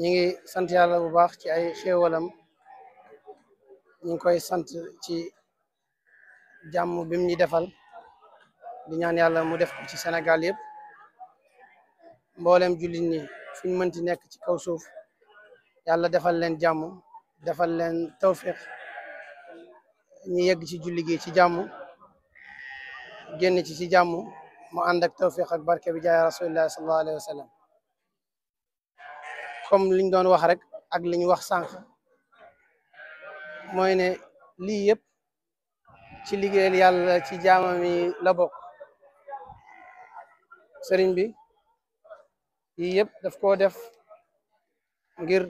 ñi ngi sant yàlla bu baax ci ay xéewalam ñi ngi koy sant ci jàmm bim ñi defal di ñaan yàlla mu def ko ci Sénégal yëpp mboolem jullit ñi fuñ mënti nekk ci kaw suuf yàlla defal leen jàmm defal leen tawfiq ñi yegg ci julli gi ci jàmm génn ci ci jàmm mu ànd ak tawfiq ak barke bi jaay rasulillah sallallahu alayhi wa sallam comme liñ doon wax rek ak liñ wax sànq mooy ne lii yëpp ci liggéeyal yàlla ci jaamam yi la bokk sëriñ bi yii yëpp daf koo def ngir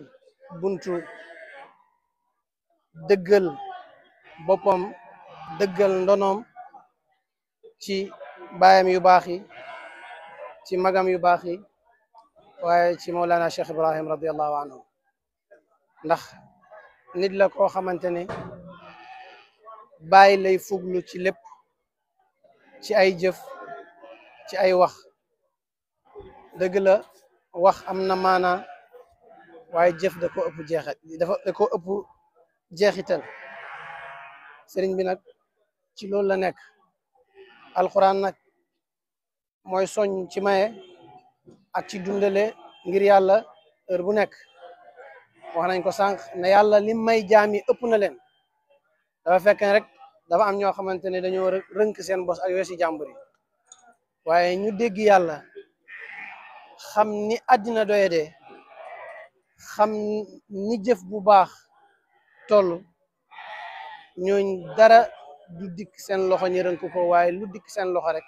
buntu dëggal boppam dëggal ndonoom ci baayam yu baax yi ci magam yu baax yi waaye ci Mawlana Cheikh Ibrahim radiallahu anhu ndax nit la koo xamante ne bàyyi lay fuglu ci lépp ci ay jëf ci ay wax dëgg la wax am na maanaa waaye jëf da ko ëpp jeexit dafa da ko ëpp jeexital sëriñ bi nag ci loolu la nekk alxuraan nag mooy soñ ci maye ak ci dundale ngir yàlla heure bu nekk wax nañ ko sànq ne yàlla li may jaam yi ëpp na leen dafa fekk rek dafa am ñoo xamante ne dañoo rënk seen bos ak weesi jàmbur yi waaye ñu dégg yàlla xam ni àddina doyedee xam ni jëf bu baax toll ñooñ dara du dikk seen loxo ñu rënk ko waaye lu dikk seen loxo rek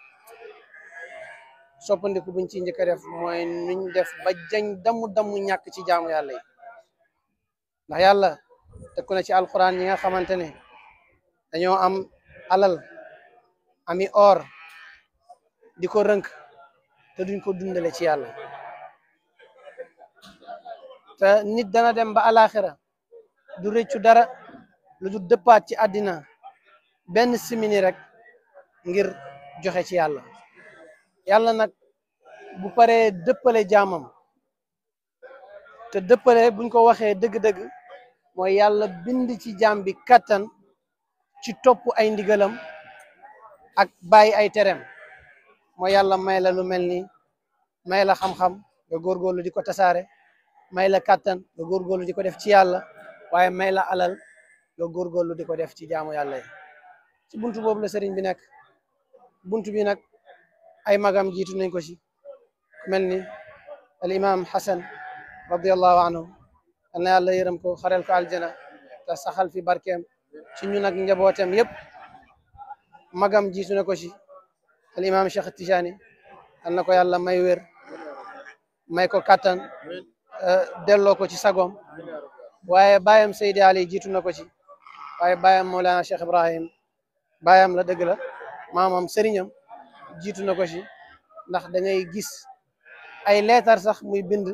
soppandiku buñ ci njëkk a def mooy nuñ def ba jañ damu damu ñàkk ci jaamu yàlla yi ndax ci alquran ñi nga xamante ne dañoo am alal ami or di ko rënk te duñ ko dundale ci yàlla te nit dana dem ba alaxira du rëccu dara lu du dëppaat ci àddina benn simini rek ngir joxe ci yàlla yàlla nag bu paree dëppale jaamam te dëppale buñ ko waxee dëgg-dëgg mooy yàlla bind ci jaam bi kattan ci topp ay ndigalam ak bàyyi ay tereem mooy yàlla may la lu mel ni may la xam-xam nga góorgóorlu di ko tasaare may la kattan nga góorgóorlu di ko def ci yàlla waaye may la alal nga góorgóorlu di ko def ci jaamu yàlla yi ci buntu boobu la sëriñ bi nekk ay magam jiitu nañ ko ci mel ni al imam xasan radiallahu anhu yal na yàlla yërëm ko xarel ko aljana te saxal fi barkeem ci ñun ak njabootem yëpp magam jiitu na ko ci al imam cheikh tijaani yal na ko yàlla may wér may ko kàttan e, delloo ko ci sagoom waaye baayam seydi ali jiitu na ko ci waaye baayam moolana cheikh ibrahim baayam la dëgg la maamam sëriñam jiitu na ko ci ndax da ngay gis ay leetar sax muy bind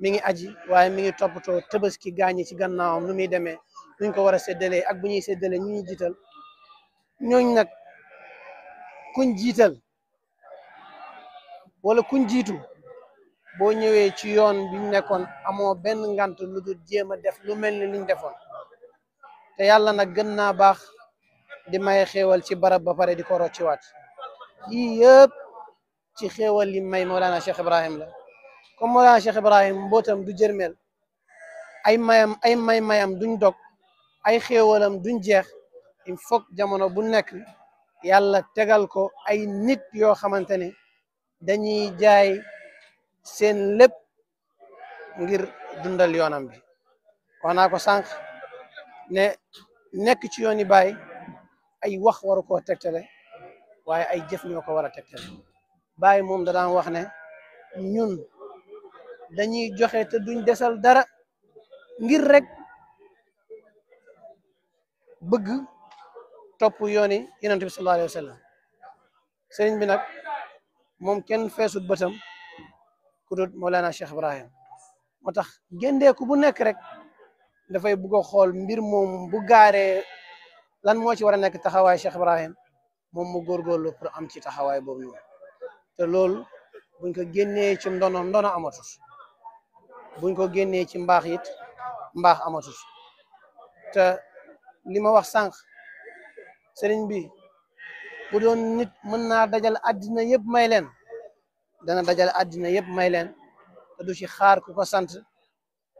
mi ngi aji waaye mi ngi toppatoo tabaski gaañi ci gannaawam nu muy demee nuñ ko war a séddalee ak bu ñuy séddalee ñu ñuy jiital ñooñu nag kuñ jiital wala ku jiitu boo ñëwee ci yoon biñ nekkoon amoo benn ngant lu dul jéem a def lu mel ni liñ defoon te yàlla nag gën naa baax di may ci barab ba di ko rocciwaat yii yëpp ci xéewal yi may molana Cheikh Ibrahim la kom Mawlana Cheikh Ibrahim mbootam du jërmeel ay mayam ay may mayam duñ dog ay xéewalam duñ jeex il faut jamono bu nekk yàlla tegal ko ay nit yoo xamante ne dañuy jaay seen lépp ngir dundal yoonam bi wax naa ko sànq ne nekk ci yooni baay ay wax waru koo tegtale waaye ay jëf ñoo ko war a tegtal bàyyi moom da daan wax ne ñun dañuy joxe te duñ desal dara ngir rek bëgg topp yooni yonent bi sallallahu alayhi wa sallam sëriñ bi nag moom kenn feesut bëtam ku dut Mawlana Cheikh Ibrahim moo tax géndeeku bu nekk rek dafay bugg a xool mbir moom bu gaaree lan moo ci war a nekk taxawaay Cheikh Ibrahim moom mu góorgóorlu pour am ci taxawaay boobu te loolu buñ ko génnee ci ndono ndono amatut buñ ko génnee ci mbaax it mbaax amatut te li ma wax sànq sëriñ bi bu doon nit mën naa dajal àddina yëpp may leen dana dajal àddina yëpp may leen te du ci xaar ku sant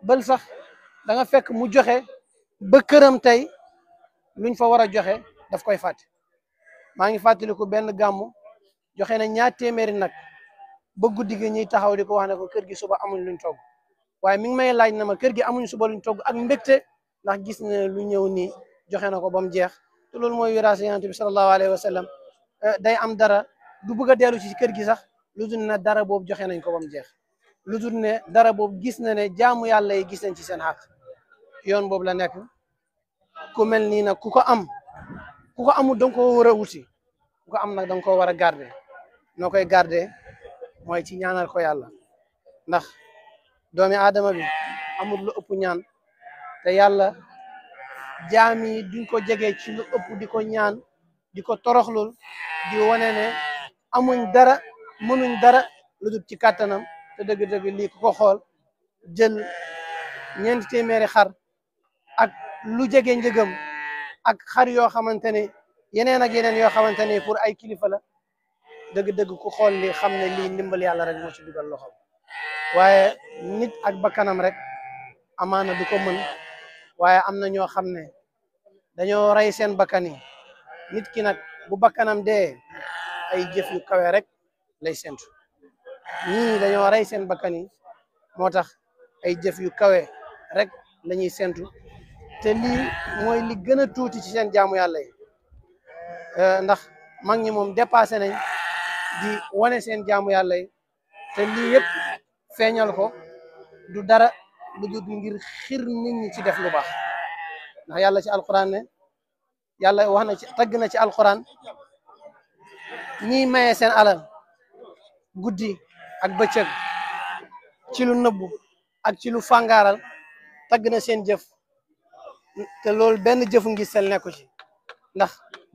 bal sax da nga fekk mu joxe ba këram tey luñ fa war a joxe daf koy fàtte maa ngi fàttaliku benn gàmmu joxe na ñaar téeméeri nag ba guddi gi ñuy taxaw di ko wax ne ko kër gi suba amuñ luñ togg waaye mi ma may laaj na ma kër gi amuñ suba luñ togg ak mbégte ndax gis na lu ñëw nii joxe na ko ba mu jeex te loolu mooy wiraasa yonent bi sallallahu alayhi wa sallam eh, day am dara du bëgg a dellu ci kër gi sax lu dul ne dara boobu joxe nañ ko ba mu jeex lu dul ne dara boobu gis na ne jaamu yàlla yi gis nañ ci seen xaq yoon boobu la nekk ku nii nag ku ko am ku ko amul danga ko war a ko am na danga ko war a garder noo koy garder mooy ci ñaanal ko yàlla ndax doomi aadama bi amul lu ëpp ñaan te yàlla jaam yi ko jege ci lu ëpp di ko ñaan di ko toroxlul di wane ne amuñ dara mënuñ dara lu dul ci kàttanam te dëgg-dëgg lii ku ko xool jël ñeenti téeméeri xar ak lu jege njëgam ak xar yoo xamante ne yeneen ak yeneen yoo xamante ne pour ay kilifa la dëgg-dëgg ku xool li xam ne lii ndimbal yàlla rek moo ci dugal loxoom waaye nit ak bakkanam rek amaana du ko mën waaye am na ñoo xam ne dañoo rey seen bakkan yi nit ki nag bu bakkanam dee ay jëf yu kawe rek lay sentu ñii dañoo rey seen bakkan moo tax ay jëf yu kawe rek la ñuy sentu te lii mooy li gën a tuuti ci seen jaamu yàlla yi eh, ndax mag ñi moom dépassé nañ di wane seen jaamu yàlla te lii yëpp feeñal ko du dara lu dul ngir xir nit ñi ci def lu baax ndax yàlla ci alquran ne yàlla wax na ci tagg na ci alquran ñiy maye seen alal guddi ak bëccëg ci lu ak ci lu fàngaaral tagg na seen jëf te loolu benn jëfu ngi sel nekku ci ndax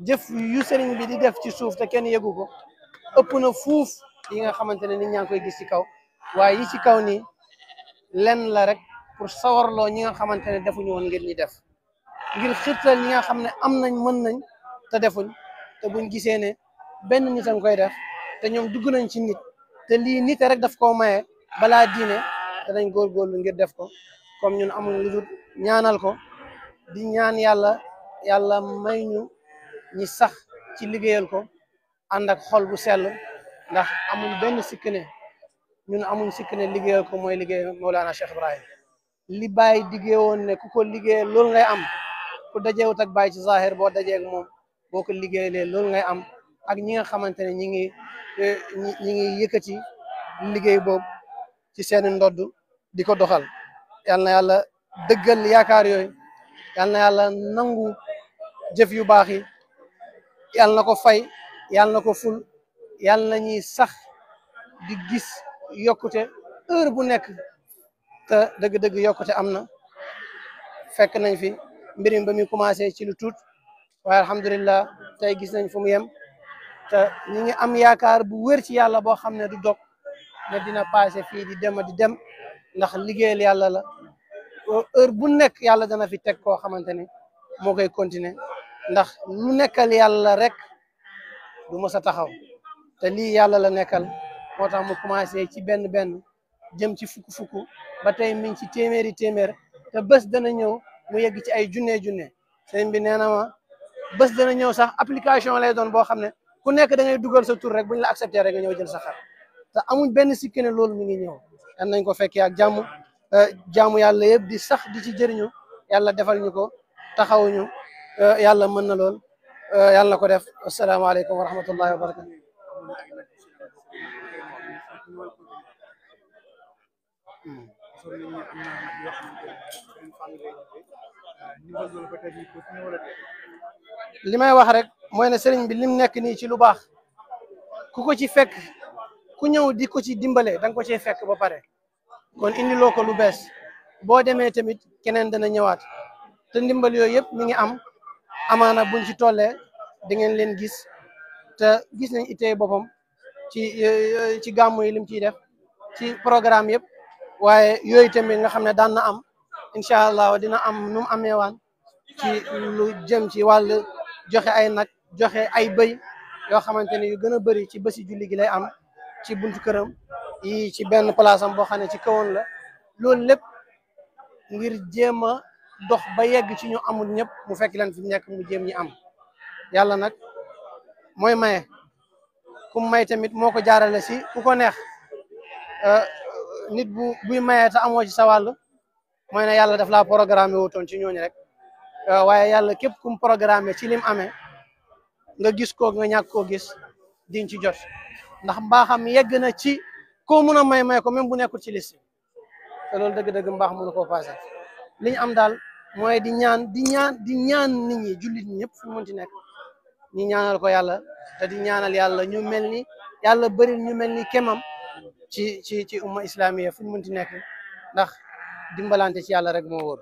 jëf yu sëriñ bi di def ci suuf te kenn yëgu ko ëpp na fuuf yi nga xamante ne nit ñaa ngi koy gis ci kaw waaye yi ci kaw nii lenn la rek pour sawarloo ñi nga xamante ne defuñu woon ngir def ngir xirtal ñi nga xam ne am nañ mën nañ te defuñ te buñ gisee ne benn nit a ngi koy def te ñoom dugg nañ ci nit te lii nit rek daf koo maye balaa diine danañ góorgóorlu ngir def ko comme ñun amul lu dul ko di ñaan yàlla yàlla may ñu ñi sax ci liggéeyal ko ànd ak xol bu sell ndax amul benn sikk ne ñun amul sikk ne liggéeyal ko mooy liggéey Mawlana Cheikh Ibrahim li Baay diggee woon ne ku ko liggéeyal loolu ngay am ku dajewut ak Baay ci zahir boo dajeeg moom boo ko liggéeyalee loolu ngay am ak ñi nga xamante ne ñi ngi eh, ñi ngi yëkkati liggéey boobu ci seen ndodd di ko doxal yal yàlla nangu jëf yu bax yi yal na ko fay yal na ko ful yal na sax di gis yokute heure bu nek te deug deug yokute amna fekk nañ fi mbirim mi commencé ci lu tout waaye alhamdullilah tay gis nañ fu mu yem te ñi ngi am yaakar bu wér ci yàlla bo xamne du dog na dina passé fi di dem di dem ndax liggéeyal yàlla la heure bu nekk yàlla dana fi teg koo xamante ne moo koy continuer ndax lu nekkal yàlla rek du mës a taxaw te lii yàlla la nekkal moo tax mu commencé ci benn benn jëm ci fukk fukk ba tey mi ngi ci téeméeri téeméer te bés dana ñëw mu yegg ci ay june junne se bi nee na ma bés dana ñëw sax application lay doon boo xam ne nekk da dugal sa tur rek buñ la accepté rek nga ñëw jël sa xar amuñ benn sikki ne loolu mi ngi ñëw. ko fekkee ak jàmm. Eh, jaamu yàlla yëpp di sax di ci jëriñu yàlla defal ñu ko taxawuñu eh, yàlla mën na lool eh, yàlla na ko def asalaamaaleykum wa rahmatullahi wa barakatu may wax rek mooy ne sëriñ bi lim nekk nii ci lu baax ku ko ci fekk ku ñëw di ko ci dimbale da nga ko ci fekk ba pare kon indi loo ko lu bees boo demee tamit keneen dana ñëwaat te ndimbal yooyu yëpp mi ngi am amaana buñ ci tollee da ngeen leen gis te gis nañ ittee boppam ci eh, ci gàmmu yi lim ciy def ci programme yëpp waaye yooyu tamit nga xam ne daan na am incha allah dina am nu mu ci lu jëm ci wàll joxe ay nag joxe ay bëy yoo xamante ne yu gën a bëri ci bési julli lay am ci buntu këram yi ci benn place am boo xam ne ci kawoon la loolu lépp ngir jéem a dox ba yegg ci ñu amul ñëpp mu fekk leen fi mu nekk mu jéem ñi am yàlla nag mooy maye ku may tamit moo ko jaarale si ku ko neex euh, nit bu buy mayee te amoo ci sa wàll mooy ne yàlla daf laa programmé wutoon ci ñooñu rek euh, waaye yàlla képp kum programmé ci lim amee nga gis ko nga ñàkk koo gis diñ ci jot ndax mbaaxam yegg na ci koo mun a may may ko même bu nekkul ci liste te loolu dëgg-dëgg mbaax mënu koo passé li am daal mooy di ñaan di ñaan di ñaan nit ñi jullit ñëpp fu mu ci nekk ñi ñaanal ko yàlla te di ñaanal yàlla ñu mel ni yàlla bëri ñu mel ni kemam ci ci ci umma islamiya fu mu ci nekk ndax dimbalante ci yàlla rek moo wóor